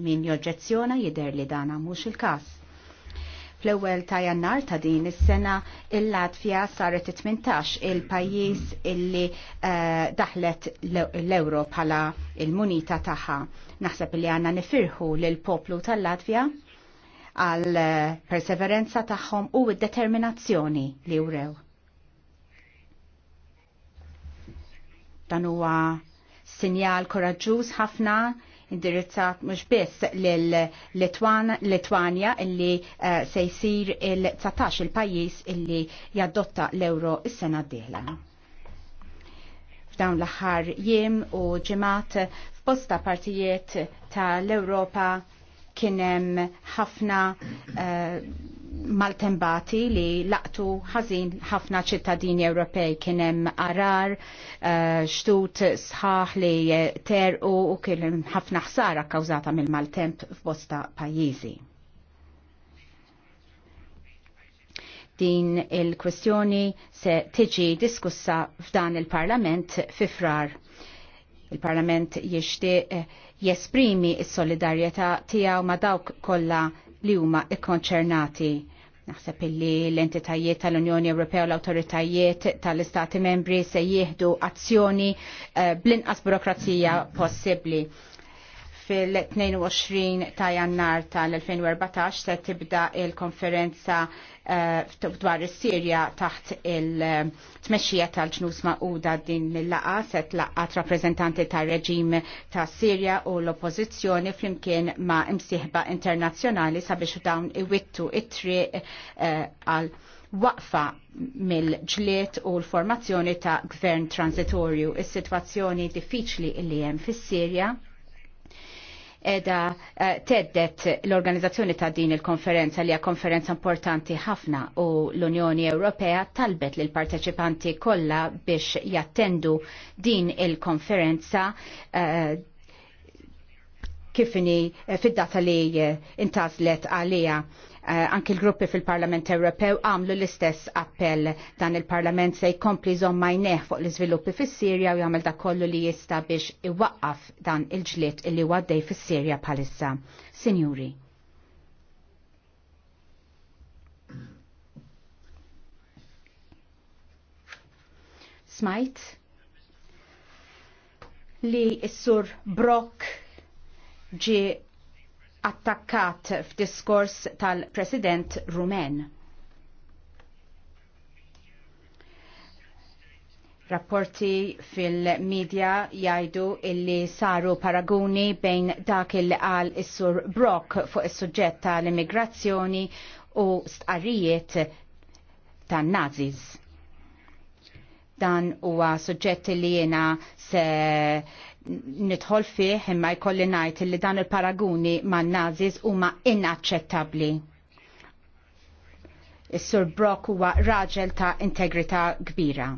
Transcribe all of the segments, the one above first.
Min joġġezzjona jider li dana mhux il-każ. Fl-ewwel ta' Jannar ta' din is-sena il-Latvja saret 18 il-pajjiż illi uh, daħlet l-Ewro bħala il-munita tagħha. Naħseb li għandna nifirħu lil poplu tal latvija għal eh, perseverenza tagħhom u d-determinazzjoni li wrew. Dan huwa sinjal koraġġuż ħafna indirizzat mhux biss lill-Litwanja illi eh, se jsir il-19 il-pajjiż illi jadotta l-euro is-sena d-dieħla. F'dawn l-aħħar jiem u ġimat f'posta partijiet tal-Ewropa kien hemm ħafna uh, maltembati li laqtu ħażin ħafna ċittadini Ewropej kien hemm arar, eh, xtut sħaħ li terqu u kien ħafna ħsara kkawżata mill-maltemp f'bosta pajjiżi. Din il-kwestjoni se tiġi diskussa f'dan il-Parlament fi frar il-Parlament jixtieq eh, jesprimi s-solidarjetà tiegħu ma' dawk kollha li huma ikkonċernati. Naħseb illi l-entitajiet tal-Unjoni Ewropea u l-autoritajiet tal-Istati membri se jieħdu azzjoni uh, bl-inqas burokrazija possibbli fil-22 ta' jannar tal-2014 se tibda il-konferenza eh, dwar is-Sirja taħt il-tmexxija tal-ġnus Mauda din il-laqa se tlaqqat rappreżentanti tar-reġim ta' Sirja u l-oppożizzjoni flimkien ma' imsieħba internazzjonali sabiex dawn iwittu it-triq eh, għal waqfa mill-ġliet u l-formazzjoni ta' gvern transitorju. Is-sitwazzjoni diffiċli li hemm fis-Sirja edha eh, teddet l-organizzazzjoni ta' din il-konferenza li hija konferenza importanti ħafna u l-Unjoni Ewropea talbet l parteċipanti kollha biex jattendu din il-konferenza uh, eh, kifini eh, fid-data li intazlet għalija. Eh, anki l-gruppi fil-Parlament Ewropew għamlu l-istess appell dan il-Parlament se jkompli zommajneħ fuq l-izviluppi fis-Sirja u jagħmel da kollu li jista biex iwaqqaf dan il-ġlit illi għaddej fis-Sirja bħalissa. Signori. Smajt li s-sur Brock ġi attakkat f'diskors tal-President Rumen. Rapporti fil-medja jajdu illi saru paragoni bejn dak il qal is-sur Brock fuq is-suġġett tal-immigrazzjoni u stqarrijiet tan-Nazis. Dan huwa suġġett li jiena se nidħol fih imma jkolli ngħid li dan il-paraguni man nazis huma inaċċettabbli. Is-Sur Brock huwa raġel ta' integrità kbira.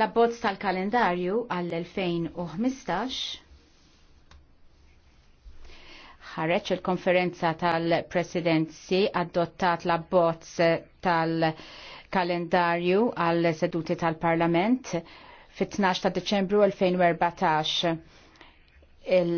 L-abbozz tal-kalendarju għall-2015 ħareċ il-konferenza tal-presidenzi adottat la bozz tal-kalendarju għal seduti tal-parlament fit-12 ta' Deċembru 2014. Il